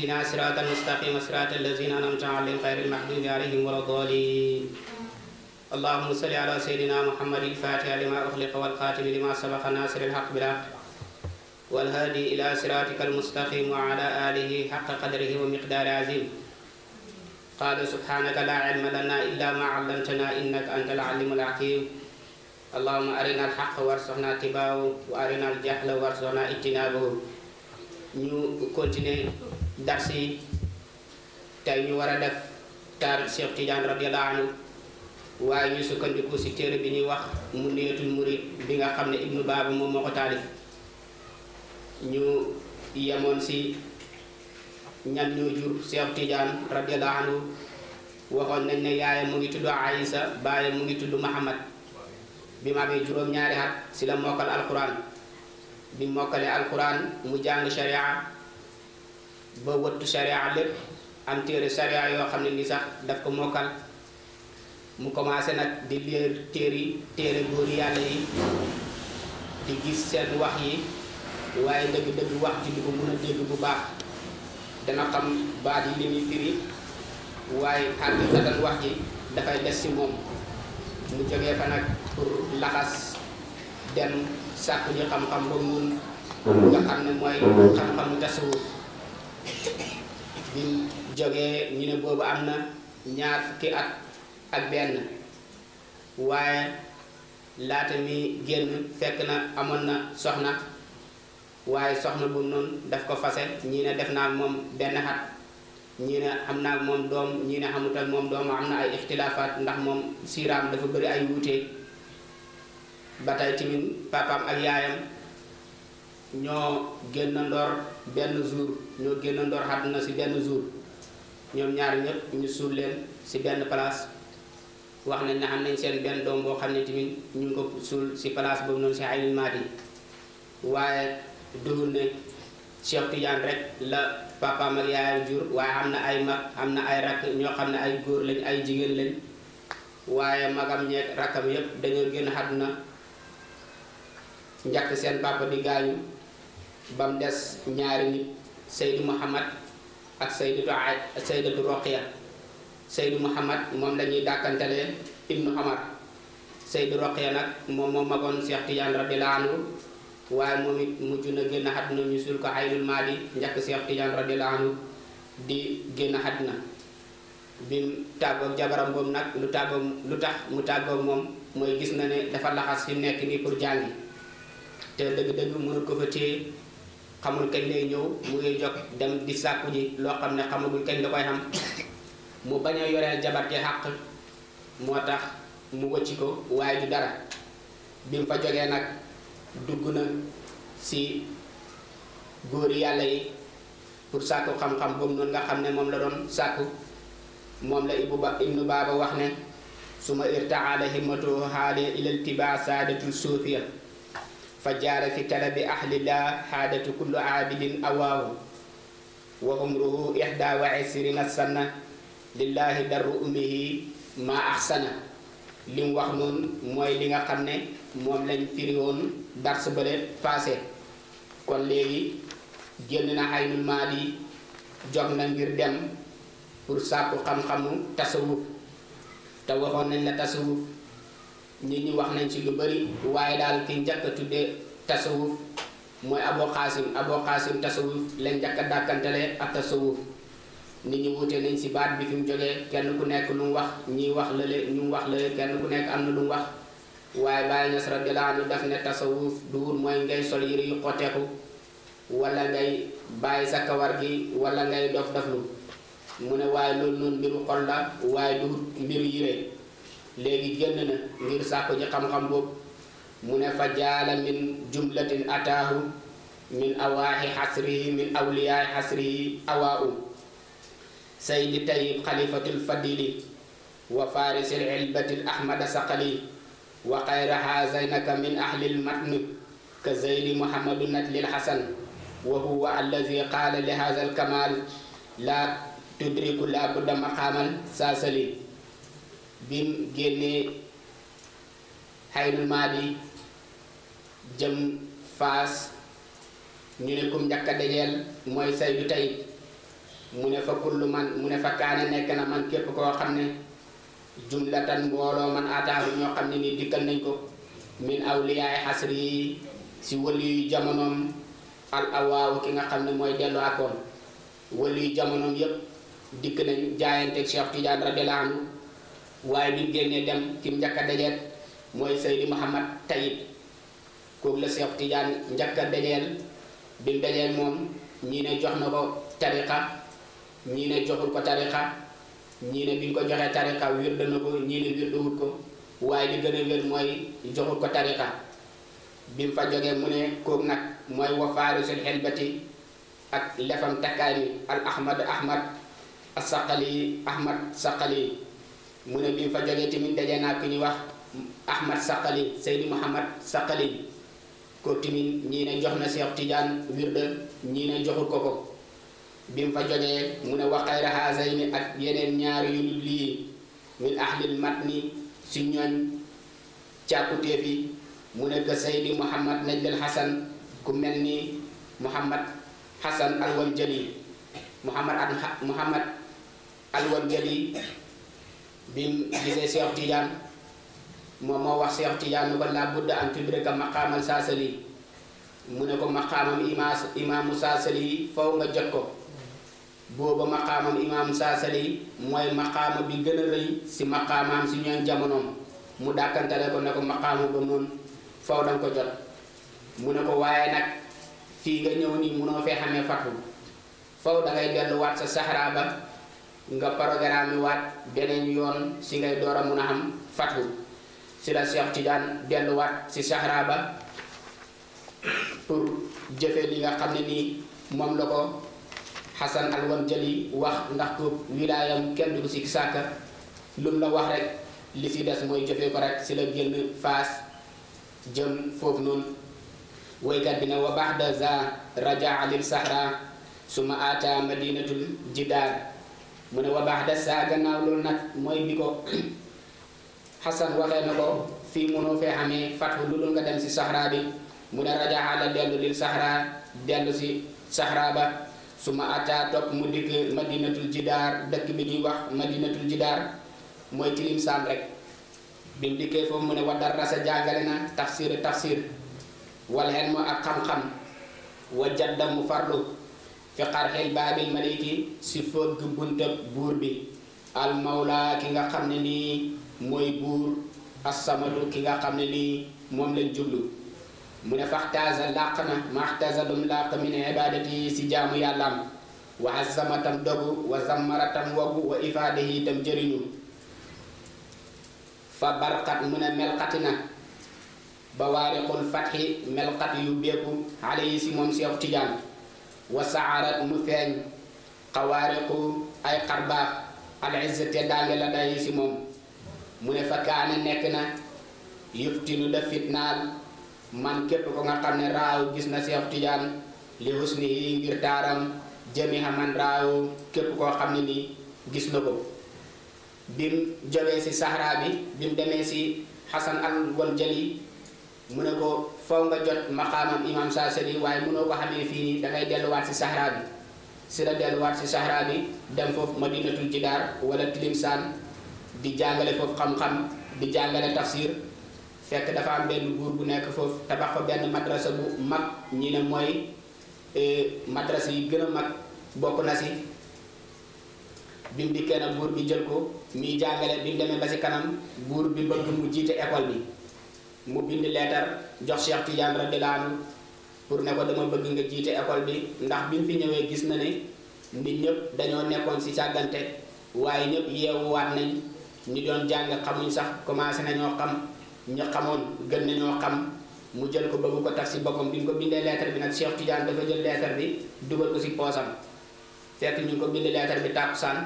اهدنا الصراط المستقيم صراط الذين انعمت عليهم غير المغضوب عليهم ولا الضالين اللهم صل على سيدنا محمد الفاتح لما اخلق والخاتم لما سبق ناصر الحق بالحق والهادي الى صراطك المستقيم وعلى اله حق قدره ومقدار عظيم قال سبحانك لا علم لنا الا ما علمتنا انك انت العليم الحكيم اللهم ارنا الحق وارزقنا اتباعه وارنا الجهل وارزقنا اجتنابه ñu continuer dasi tay ñu wara def tar Cheikh Tidiane radiallahu anhu way ñu sukkandiku ci téere bi ñi wax mu niyatul murid bi nga xamne ne ibnu baaba moom moko talif ñu yamon ci ñan ñu jur Cheikh Tidiane radiallahu anhu waxon nañ ne yaay mu ngi tuddu aisha baay mu ngi tuddu Muhammad bi ma amee juróom ñaari at si la mokal alquran bi mokale alquran mu jang sharia ba wëttu sharia lepp am téere sharia yoo xam ne ni sax daf ko mokal mu commencé nag di lire téere yi téere góor yàlla yi di gis seen wax yi waaye dëgg-dëgg wax ci du ko mën a dégg bu baax dana xam baat yi li muy firi waaye xatan wax ji dafay des si moom mu jógee fa nag pour laxas dem sàkku ñu xam-xam ba mun nga xam ne mooy xam-xamu tasawuf biñ jógee ñu ne boobu am na ñaar fukki at ak benn waaye laata mi génn fekk na amoon na soxna waaye soxna bu noonu daf ko fase ñii ne def naa ak moom benn xat ñii ne am naa ak moom doom ñii ne xamut moom doom am na ay ixtilaafaat ndax moom siiraam dafa bari ay wuute ba tey tamit papaam ak yaayam ñoo genn ndor benn jour ñoo genn ndor haduna si benn jour ñoom ñaar ñëpp ñu suul leen si benn place wax nañ ne am nañ seen benn doom boo xam ne ñu ko suul si place boobu noonu si aynul maadi waaye duhul ne cheikh tidiane rek la papa ak yaayam jur waaye am na ay mag am na ay rakk ñoo xam ne ay góor lañ ay jigéen lañ waaye magam ñeeg rakkam yépp dañoo génn haduna njàkk seen papa di gaañu bam dess ñaari nit saydu muhammad ak saydatu a saydatu roqiya saydu muhammad mom lañuy dakantale ibnu omar saydu roqiya nak mom mo magon cheikh tidiane radiallahu anhu waaye momit muju na genn hadna ñu sul ko aynul mali ñak cheikh tidiane radiallahu anhu di genn hadna bim tago jabaram bom nak lu tago lu tax mu tago mom moy gis na ne dafa laxas fi nekk pour jangi te deug deug mënut ko fa téye xamul kañ lay ñëw mu ngi jóg dem di sàkku ji loo xam ne xamagul kañ la koy xam mu bañ a yoreel jabar ji xàq moo tax mu ci ko waaye du dara bi mu fa jógee nag dugg na si góor yàlla yi pour sàkku xam-xam boobu noonu nga xam ne moom la doon sàkku moom la Ibnu Ba Ibnu Baaba wax ne su ma irtaala himmatu haale ilal tibaa saadatul suufiya fajara fi talab ahli la hadatu kullu abidin awaw wa umruhu ihda wa isrin sanna lillahi daru umhi ma ahsana lim wax non moy li nga xamne mom firi won dar sa bele passé kon legi jël na ay ñu mali jox na ngir dem pour sa ko xam xamu tasawuf taw waxon nañ nit ñi wax nañ si lu bari waaye daal ki njëkk a tuddee tasawuf mooy abo xaasim abo xaasim tasawuf lañ njëkk a ak tasawuf nit ñi wuute nañ si baat bi fi mu jógee kenn ku nekk lu wax ñii wax lële ñu mu wax lële kenn ku nekk am na lu wax waaye Baay Ñas radiyallaahu anhu daf ne tasawuf duur mooy ngay sol yëre yu xoteeku wala ngay bàyyi sa kawar gi walla ngay dof doflu mu ne waaye loolu noonu mbiru xol la waaye du mbiru yëre léegi génn na ngir sàkku ji xam-xam boobu mu ne fa jaala min jumlatin ataahu min awaahi xasrihi min awliyaay xasrihi awaahu saydi tayib xalifatul fadili wa farisil ilbatil ahmada saqali wa xayraha zaynaka min ahlil matni ka zayli muhammadu natlil hasan wa huwa allazi qaala li haza alkamal la tudriku la budda maqamal saasali bim génnee xayrul madi jëm fas ñu ne kum ñaka dajel moy say saydu tay mu ne fa kullu man mu ne fa kaane nek na man képp ko xam jumlatan man ñoo ni dikkal nañ ko min awliya hasri si wali jamonom al awaw ki nga xam ne delu dellu wali wëli yu jamonoom yépp dikk nañ jaayanteeg Cheikh Tidiane radhiyallahu waaye bi mu génnee dem ki njëkk a mooy Seydi Mouhamad Tayib kooku la Cheikh Tidiane njëkk a dajeel bi moom ñii ne jox na ko tariqa ñii ne joxul ko tariqa ñii ne bi ko joxee tariqa wirda na ko ñii ne wirduwul ko waaye li gën a wér mooy joxul ko tariqa bi mu fa jógee mu ne kooku nag mooy wa faarisul xelbati ak lefam takkaay mi al ahmad ahmad asaqali ahmad saqali mu ne bi fa jógee tamit daje naa ku ñuy wax Ahmad Sakhalin Seydi Mouhamad Sakhalin ko tamit ñii ne jox na Cheikh Tidiane wirde ñii ne joxul ko ko bi mu fa jógee mu ne waqay rahasayni ak yeneen ñaar yu dul lii min ahlil matni si ñooñ càkkutéef yi mu ne ko Seydi Mouhamad Najdel Hasan ku mel ni Mouhamad Hasan Alwanjali Mouhamad ak Mouhamad Alwanjali bim gisé Cheikh Tidiane mo mo wax Cheikh Tidiane ba la budda an tudraka maqam al sasali muné ko maqam imaas imam saasali faw nga jot ko maqam maqaamam imam saasali mooy maqaama bi gëna reuy ci si maqaamaam si jamono jamonoom mu dakantale ko nako ko bu ba faw dang ko jot muné ko waaye nak fi nga ñëw nii munoo fi xamé fatu faw da ngay wat sa sahara ba nga programme wat benen yoon si ngay door a mun a am fatu si la cheikh tidiane wat si sahra ba pour jëfe li nga xam ne nii moom la ko xasan alwan jali wax ndax ko wilayam kenn du si lum la wax rek li si des mooy jëfee ko rek si la génn faas jëm foofu noonu waykat bi wa baxda za rajaa lil sahra suma ata madinatul jidaar mu ne wa baax des saa gannaaw loolu nag mooy bi ko xasan waxee na ko fii munoo fee xamee fatxu lu dul nga dem si saxraa bi mu ne rajaxa la dellu lil saxraa dellu si saxraa ba su ma ataa topp mu dikk madinatul jidaar dëkk bi ñuy wax madinatul jidaar mooy tilim saam rek bi mu dikkee foofu mu ne wa darasa jàngale na tafsir tafsir wal xen mu ak xam-xam wa jadda mu farlu fi xarxil baabil maliki si fëgg buntab buur bi al mawla ki nga xam ne nii mooy buur assamadu ki nga xam ne nii moom lañ jublu mu ne faxtaasa làq na maxtaasa lum làq min ibaadati si jaamu yàllaam wa azama tam dogu wa zammara tam wagu wa ifaadahi tam jëriñu fa barkat mu ne melxati na ba waariqul fatxi melxat yu béeku xale yi si moom Seex Tijaan wa sa'arat mu feeñ ay xarbaax al izzat ya daange la dayi si moom mu ne fa kaana nekk na yuftinu da fitnaal man képp ko nga xam ne raaw gis na seex tijaan li husni yi ngir taaram jëmi man raaw képp koo xam ni gis na ko bim jógee si sahara bi bim demee si xasan al gon mu ne ko faw nga jot imam saasali waaye mënoo ko xamee fii nii da ngay delluwaat si sahra bi si la delluwaat si sahra bi dem foofu madinatul jidaar wala tilimsaan di jàngale foofu xam-xam di jàngale tafsir fekk dafa am benn guur bu nekk foofu tabax fa benn madrasa bu mak ñi ne mooy e, madrasa yi gën a mag bokk na si bim dikkee na buur bi jël ko mi jàngale bim demee ba si kanam buur bi bëgg mu jiite école bi mu bind leetar jox cheikh tidiane radilan pour ne ko dama bëgg nga jité école bi ndax biñ fi ñëwé gis na né nit ñëpp dañoo nekkoon si sàggante waaye ñëpp waat nañ ñu doon jàng xamuñ sax commencé nañoo xam ñu xamoon gën nañoo xam mu jël ko bëgg ko tax si boppam bi ko bindee lettre bi nag cheikh tidiane dafa jël lettre bi dugal ko si poosam fekk ñu ko bind lettre bi tàkkusaan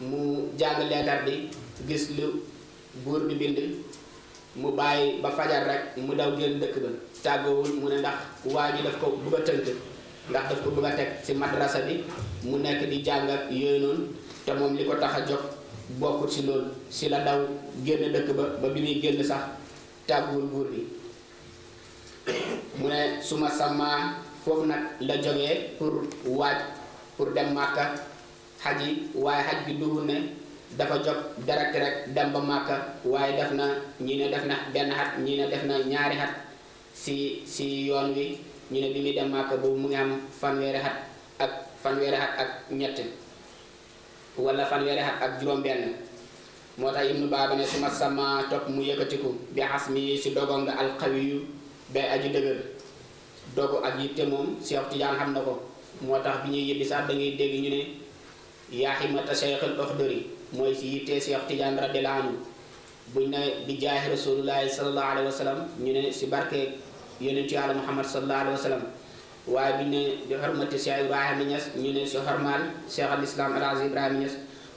mu jàng lettre bi gis lu buur bi bind mu bàyyi ba fajar rek mu daw génn dëkk ba tàggoowul mu ne ndax waa ji daf ko bëgg a tënk ndax daf ko bëgg teg ci madrasa bi mu nekk di jàng ak te moom li ko tax a jox bokkut ci loolu ci la daw génn dëkk ba ba bi muy génn sax tàgguwul buur bi mu ne suma sama foofu nag la jógee pour waaj pour dem màkka xaj yi waaye xaj bi duwul ne dafa jog direct rek dem ba màkka waaye def na ñii ne def na benn xat ñii ne def na ñaari xat si si yoon wi ñu ne bi muy dem màkka boobu mu ngi am fanweeri xat ak fanweeri xat ak ñett wala fanweeri xat ak juróom-benn moo tax ibnu ba ne suma sama topp mu yëkkatiku bi xas mi si dogoom nga alxawiyu bay aju dëgër dogu ak yitte moom Cheikh Tidiane xam na ko moo tax bi ñuy yëbbi sax da ngay dégg ñu ne yaaximata Cheikhul Oxdari mooy ci yittee Cheikh Tidiane radiyallahu anhu buñ ne bi jaahi rasulullahi sallallahu alayhi wa ñu ne si barke yonentu ci Muhammad sallallahu alayhi wa sallam waaye buñ ne bi xormati Cheikh Ibrahima Niass ñu ne si xormaal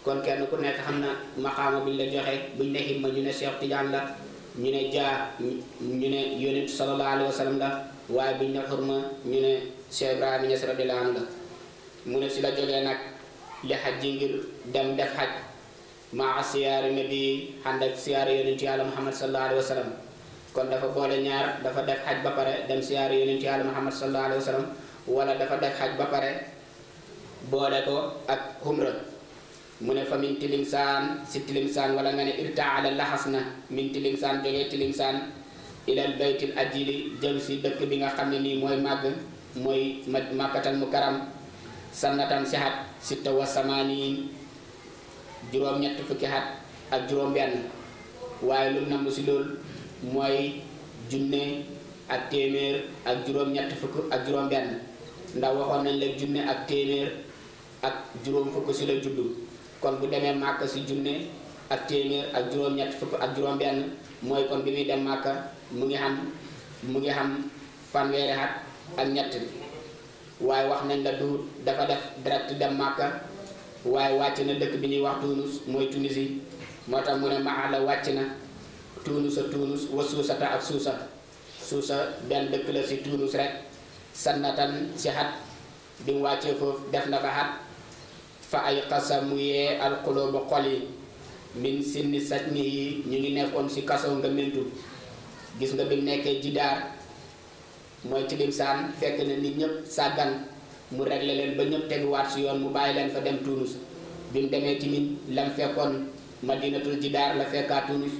kon kenn ku nekk xam na maqaama buñ la joxe buñ ne himma ñu ne la ñu ne jaa ñu ne yonentu sallallahu alayhi wa ñu ne Cheikh Ibrahima Niass radiyallahu anhu mu ne si la jógee nag li xaj ji ngir dem def xaj maa siyaari nabi ànd ak siyaari yonent yàlla muhammad sallallahu alayhi kon dafa boole ñaar dafa def xaj ba pare dem siyaari yonent yàlla muhammad sallallahu alayhi wa wala dafa def xaj ba pare boole ko ak humra mu ne fa min tilimsaan si tilimsaan wala nga ne irtaala laxas na min tilimsaan jógee tilimsaan ilal baytil ajili jëm si dëkk bi nga xam ne nii mooy màgg mooy makkatal mukarram sannatan sihat sitta wa samaaniin juroom ñett fukki xat ak juroom benn waaye lu nam si lool mooy junne ak téeméer ak juróom ñett fukk ak juróom benn ndax waxoon nañ la junne ak téeméer ak juróom fukk si la juddu kon bu demee màkk si junne ak téeméer ak juróom ñett fukk ak juróom benn mooy kon bi muy dem màkk mu ngi xam mu ngi xam fanweeri xat ak ñett waaye wax nañ la du dafa def direct dem màkka waaye wàcc na dëkk bi ñuy wax Tunus mooy Tunisie moo tax mu ne la wàcc na Tunusa Tunus wa suusata ak suusa suusa benn dëkk la si Tunus rek sannatan si xat bi mu wàccee foofu def na fa xat fa ay xasa mu yee alxulooba xol yi si sinni saj mi yi ñu ngi nekkoon si kaso nga mentu gis nga bi mu nekkee jidaar mooy tilim saan fekk na nit ñëpp sàggan mu réglé leen ba ñëpp teguwaat si yoon mu bàyyi leen fa dem Tunis bi mu demee tamit lam fekkoon madinatul jidaar la fekkaa Tunis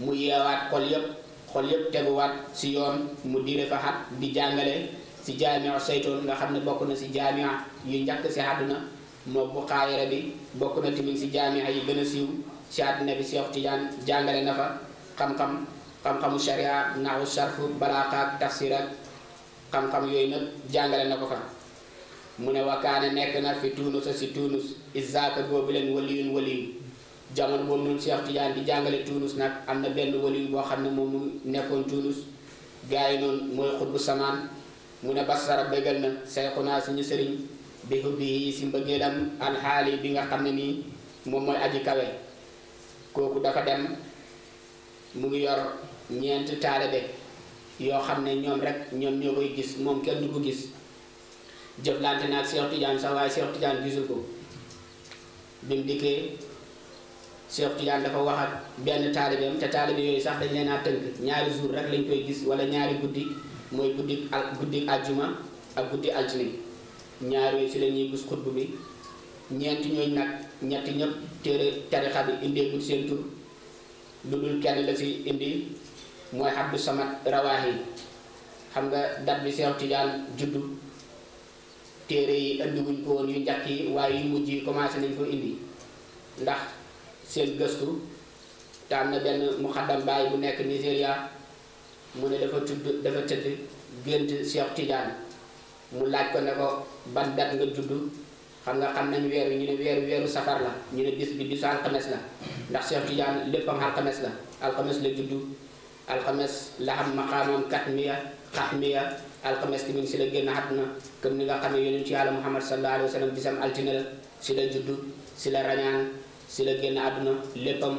mu yeewaat xol yëpp xol yëpp teguwaat si yoon mu diire fa xat di jàngale si jaamiu saytoon nga xam ne bokk na si jaamia yu njëkk si àdduna moo bu xaayira bi bokk na tamit si jaamia yi gën a siiw si àdduna bi Cheikh Tidiane jàngale na fa xam-xam xam-xamu sharia naxu sarfu balaaxa ak tafsir ak xam-xam yooyu nag jàngale na ko mune wakane wakkaane fitunus na fi tuunusa si tuunus isaaka boobu len waliyun wali jamon mom non Cheikh Tidiane di jangale tunus nak amna ben wali bo xamne mom ne moom mu nekkoon tuunus gars yi noonu basara begal na sayxunaa suñu sëriñ bi hubbi yi mbegelam al hali bi nga xamne ni mom moy aji kawe koku dafa dem mu ngi yor ñent rek ñom ñokoy gis mom kenn du ko gis jëflante na ak Cheikh Tidiane sax waaye Cheikh Tidiane gisul ko bi mu dikkee Cheikh Tidiane dafa waxat benn taalibeem te taalibe yooyu sax dañ leen a tënk ñaari jour rek lañ koy gis wala ñaari guddi mooy guddi al guddi aljuma ak guddi altine ñaar yooyu si la ñuy gis xutbu bi ñeenti ñooñu nag ñetti ñëpp téere tarixa bi indeegul seen tur lu dul kenn la si indi mooy Abdou Samad Rawaahi xam nga dat bi Cheikh Tidiane juddu. téere yi indiwuñ ko woon yu njëkk yi waaye yu mujj yi commencé nañ ko indi ndax seen gëstu tànn na benn muxaddam baay bu nekk Nigéria mu ne dafa tudd dafa tëdd gént Cheikh Tidiane mu laaj ko ne ko ban dat nga judd xam nga xam nañ weer wi ñu ne weeru weeru safar la ñu ne bis bi bisu alxames la ndax Cheikh Tidiane léppam alxames la alxames la judd alxames la xam maqaamam katmiya xatmiya alxames tamit si la génn àdduna comme ni nga xam ne yonent yàlla muhammad sallallahu alayhi wa sallam bisam altine la si la judd si la rañaan si la génn àdduna léppam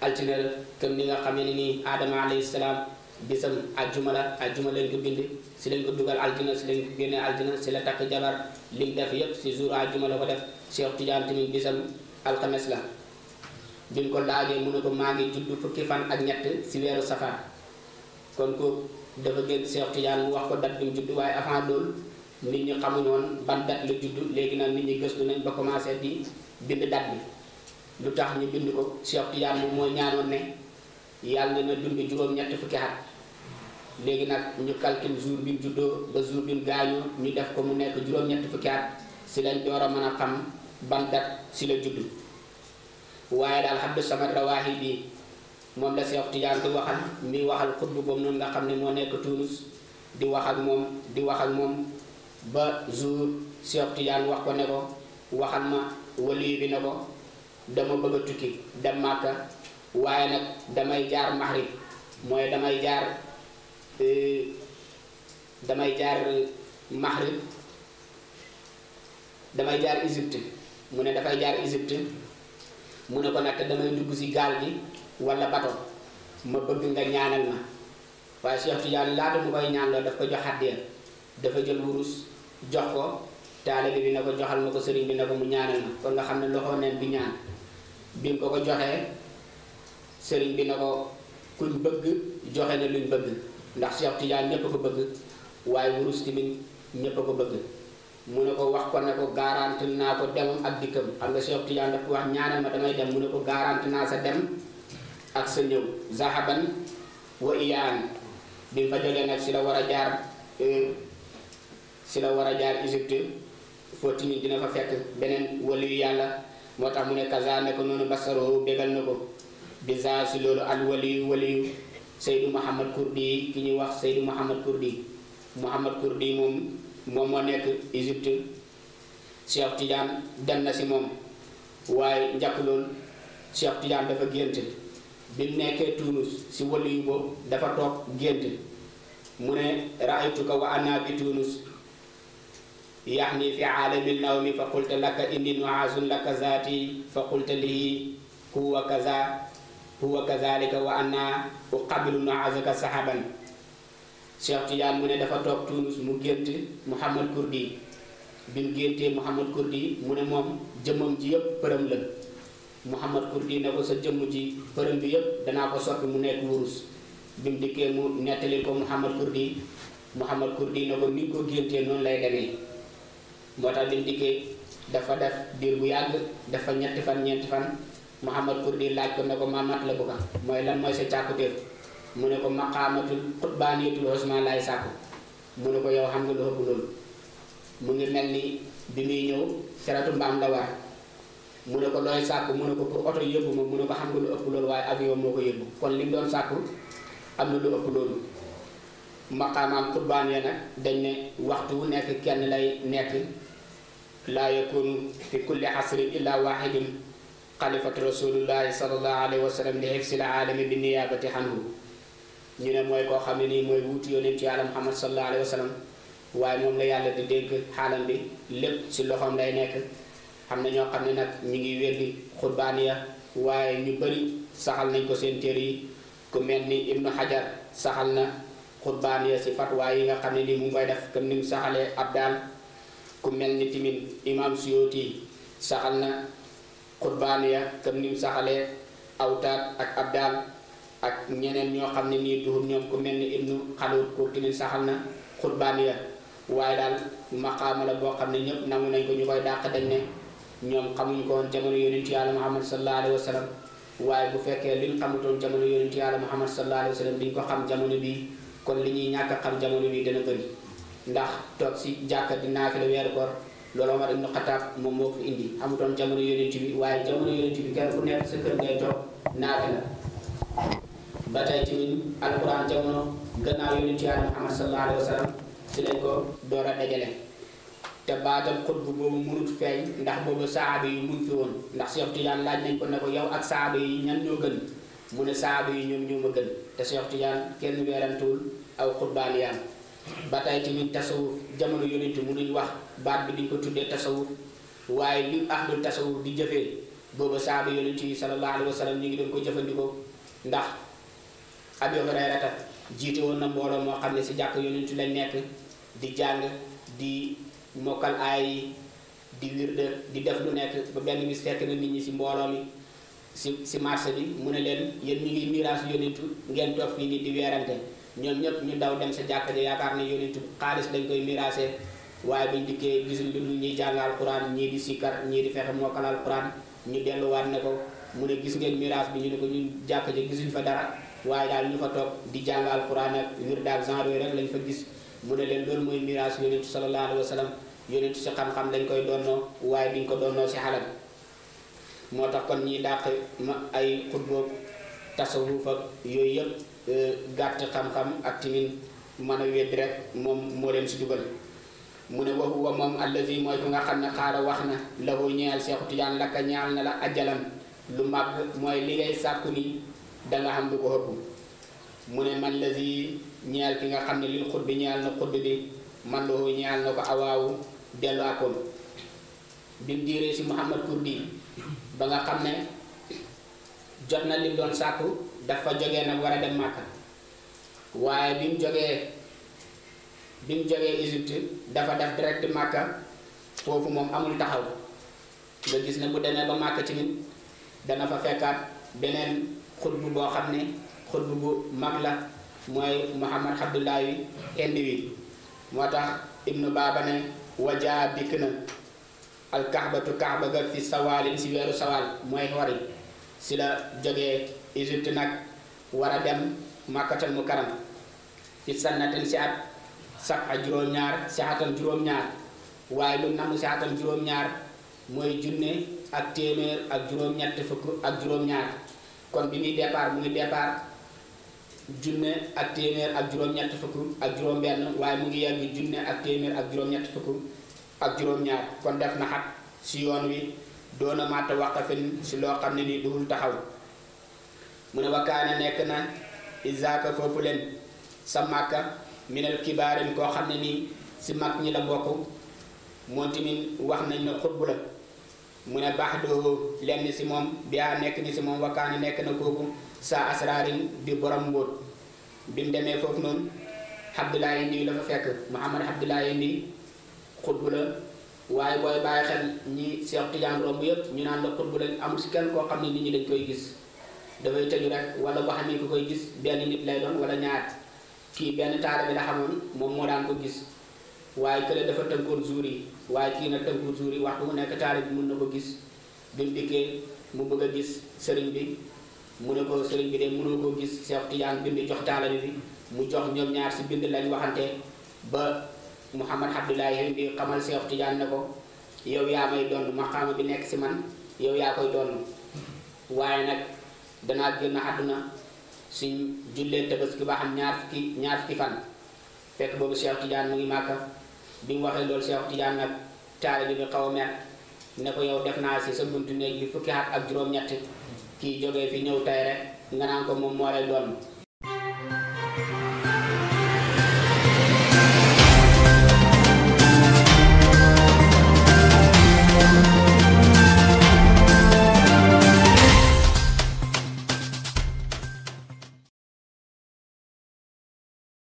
altine la comme ni nga xam ne nii aadama alayhi salaam bisam ajjuma la ajjuma lañ ko bind si lañ ko dugal altine si lañ ko génne si la takk jabar lim def yépp si jour ajjuma la ko def cheikh tidiane tamit bisam alxames la ko laajee mu ne ko fukki fan ak ñett si weeru safar kon ko dafa gën Cheikh Tidiane mu wax ko dat bi mu judd waaye avant loolu nit ñi xamuñu woon ban dat la judd léegi nag nit ñi gëstu nañ ba commencé di bind dat bi lu tax ñu bind ko Cheikh Tidiane moom moo ñaanoon ne yàlla na dund juróom ñett fukki at léegi nag ñu calcul jour bi mu juddoo ba jour bi mu ñu def ko mu nekk juróom ñett fukki at si lañ door a mën a xam ban dat si la judd waaye daal xam sama rawaahi bi moom la Cheikh Tidiane di waxal mi waxal xutbu boobu noonu nga xam ne moo nekk Tunis di wax ak moom di wax ak moom ba jour Cheikh Tidiane wax ko ne ko waxal ma waliyu bi ne ko dama bëgg a tukki dem Màkka waaye nag damay jaar Maxrib mooy damay jaar e, damay jaar Maxrib damay jaar Égypte mu ne dafay jaar Égypte mu ne ko nag te damay dugg ci gaal bi wala bato ma bëgg nga ñaanal ma waaye Cheikh Tidiane laata mu koy ñaan loolu daf ko jox addiya dafa jël wurus jox ko taalibe bi na ko joxal ma ko sëriñ bi na ko mu ñaanal ma kon nga xam ne loxo neen bi ñaan bi mu ko ko joxee sëriñ bi na ko kuñ bëgg joxe na luñ bëgg ndax Cheikh Tidiane ñépp ko bëgg waaye wurus tamit ñépp a ko bëgg mu ne ko wax kon ne ko garanti naa ko demam ak dikkam xam nga Cheikh Tidiane daf ko wax ñaanal ma damay dem mu ne ko naa sa dem ak sa ñëw zahaban wa bi mu fa nag si la war a jaar euh, si la war a jaar Égypte foo ni dina fa fekk beneen waliyu yàlla moo tax mu ne kaza ne ko noonu basaroo bégal na ko bisa si loolu al waliyu waliyu Seydou Mouhamad Kurdi ki ñuy wax Seydou Mouhamad Kurdi Mouhamad Kurdi moom moom moo nekk Égypte Cheikh Tidiane dem na ci moom waaye njàkk loolu Cheikh Tidiane dafa gént bi mu nekkee Tuunus si wàllu yu dafa toog gént mu ne raaytuka wa ana bi Tuunus yaxni fi aalami nawmi fa qulta laka inni nuaasun laka zaati fa qulta lii huwa kaza huwa kazalika wa ana uqabilu nuaasaka sahaban Cheikh Tidiane mu ne dafa toog Tuunus mu gént Mouhamad Kurdi bi mu géntee Kurdi mu ne moom jëmmam ji yëpp përëm la Mouhamad Kurdi na ko sa jëmm ji përëm bi yëpp danaa ko soppi mu nekk wurus bi mu dikkee mu nettali ko Mouhamad Kurdi Mouhamad Kurdi ne ko ni ko géntee noonu lay demee moo tax bi mu dikkee dafa def diir bu yàgg dafa ñetti fan ñeenti fan Mouhamad Kurdi laaj ko ne ko maamat la bu ka mooy lan mooy sa càkkutéef mu ne ko maqaamatul xutbaaniyatul osman laay sàkku mu ne ko yow xam nga lu ëpp loolu mu ngi mel ni bi muy ñëw seratu mbaam la mu ne ko looy sàkku mu ne ko pour oto yóbbu ma mu ne ko xam nga lu ëpp loolu waaye avion moo ko yóbbu kon li mu doon sàkku am na lu ëpp loolu maqaamaam qurbaan ya nag dañ ne waxtu wu nekk kenn lay nekk laa yakunu fi kulli asrin illa wahidun xalifatu rasulullahi salallahu alayhi wa sallam li xifsil alami bi niyaabati xanhu ñu ne mooy koo xam ne nii mooy wuutu yonent yàlla muhammad salallahu alayhi wa sallam waaye moom la yàlla di dénk xaalam bi lép si loxoom lay nekk am na ñoo xam ne nag ñi ngi weddi xutbaan ya waaye ñu bëri saxal nañ ko seen téere yi ku mel ni ibnu hajar saxal na xutbaan ya si fatwaa yi nga xam ne ni mu ngoy def comme ni mu saxalee ab ku mel ni timin imam suyóoti saxal na xutbaan ya comme ni mu saxalee awtaat ak ab ak ñeneen ñoo xam ne nii duhul ñoom ku mel ni ibnu xaluut ko timin saxal na xutbaan ya waaye daal maqaama la boo xam ne ñëpp nangu nañ ko ñu koy dàq dañ ne ñoom xamuñ ko woon jamono yonent yàlla muhammad sallallahu alayhi wa waaye bu fekkee liñ xamutoon jamono yonent yàlla muhammad sallallahu alayhi wa sallam xam jamono bi kon li ñuy xam jamono bi dana bëri ndax toog si jàkka di naafila weeru koor loolu moo ko indi amutoon jamono yonent bi waaye jamono yonent bi kenn ku nekk sa kër ngay toog naafila ba tey tamit alquran jamono gannaaw yonent yàlla muhammad sallallahu alayhi si lañ ko door a dajale te baatal xutbu boobu mënut feeñ ndax boobu saaba yi mun fi woon ndax Cheikh Tidiane laaj nañ ko ne ko yow ak saaba yi ñan ñoo gën mu ne saaba yi ñoom ñoo ma gën te Cheikh Tidiane kenn weerantuwul aw xutbaaniyaan ba tay tamit tasawuf jamono yonent mu nuñ wax baat bi duñ ko tuddee tasawu waaye li ahlul tasawu di jëfee boobu saaba yonent yi sallallahu alayhi wa sallam ñu ngi doon ko jëfandikoo ndax a Hurayrata jiite woon na mbooloo moo xam ne si jàkk yonent lañ nekk di jàng mokkal aay di wirde di def lu nekk ba benn bis fekk na nit ñi si mbooloo mi si si marché bi mu ne leen yéen ñu ngi miraas yonentu ngeen toog fii nii di weerante ñoom ñu daw dem sa jàkka yaakaar ne yonentu xaalis dañ koy miraase waaye buñ dikkee gisuñ lu dul ñuy jàng alquran ñii di sikkar ñii di fexe mokkal alquran ñu delluwaat ne ko mu ne gis ngeen miraas bi ñu ne ko ñun jàkka ja gisuñ fa dara waaye daal ñu fa toog di jàng alquran ak wirde ak genre rek lañ fa gis mu ne leen loolu mooy miraas yonentu sallallahu alayhi wa yonent ci xam-xam lañ koy donnoo waaye bi duñ ko donnoo si xalam moo tax kon ñiy dàq ma ay xutboob tasawuf ak yooyu yëpp euh, gàtt xam-xam ak timin mën a wedd rek moom moo leen si dugal mu ne wa huwa moom allazi mooy nga xam ne xaala wax na lahoo ñeel Seexu Tijaan lakka ñaal na la ajalam lu màgg mooy li ngay sàkku ni danga xam lu ko xëpp mu ne man lazi ñeel ki nga xam ne lil xut bi na xut bi man lahoo ñeel na ko awaawu delu akoon bim mu ci si Kurdi ba nga xam ne lim doon saku dafa jógee nak wara dem makka waye bim mu bim bi dafa def direct makka fofu mom amul taxaw nga gis na bu demee ba makka ci nit dana fa fekkat benen khutbu bo ne bu mag la Muhammad abdullah Abdullahi Indiwi moo Ibnu Babane. ne wajaa dikk na alkaxbatu kaxba ga ci sawaalin si weeru sawaal mooy xori si la jógee Égypte nag war a dem màkkatal mu karam ci sannaten si at sabxa juróom-ñaar si atan juróom-ñaar waaye lu namm si atan juróom-ñaar mooy junne ak téeméer ak juróom-ñett fukk ak juróom-ñaar kon bi muy départ mu ngi départ junne ak téeméer ak juróom-ñett fukk ak juróom-benn waaye mu ngi yegg junne ak téeméer ak juróom-ñett fukk ak juróom-ñaar kon def na xat si yoon wi doona matta waqafin si loo xam ne nii duhul taxaw mu ne wakkaane nekk na isaaka foofu leen sa màkka minal kibaarin koo xam ne nii si mag ñi la bokk moom tamit wax nañ ne xutbu la mu si moom biaa nekk ni si moom wakkaane nekk na kooku saa yi di borom mbóot bi mu demee foofu noonu Abdoulaye Ndiy la fa fekk Mouhamad Abdoulaye Ndiy xutbu la waaye booy bàyyi xel ñi Seex Tijaan romb yëpp ñu naan la xutbu la amul si kenn koo xam ne nit ñi dañ koy gis dafay tëju rek wala boo xam koy gis benn nit lay wala ñaar kii benn taala bi la xamoon moom moo daan ko gis waaye kële dafa tënkoon jour yi waaye kii nag tënkoon jour yi waxtu mu nekk taala bi mun na ko gis bi mu dikkee mu bëgg a gis sëriñ bi mu ne ko sëriñ bi de mënoo koo gis Cheikh Tidiane bind jox taalibe bi mu jox ñoom ñaar si bind lañ waxante ba mu Mouhamad Abdoulaye ngi xamal Cheikh Tidiane ne ko yow yaa may donn maqaama bi nekk si man yow yaa koy donn waaye nag danaa génn àdduna suñ jullee tabaski ba xam ñaar fukki ñaar fukki fan fekk boobu Cheikh tijaan mu ngi màkka bi mu waxee loolu Cheikh Tidiane nag taalibe bi xaw a mer ne ko yow def naa si sa buntu ne bi fukki at ak juróom-ñett kii jógee fi ñëw tay rek nga naan ko moom moo lay doon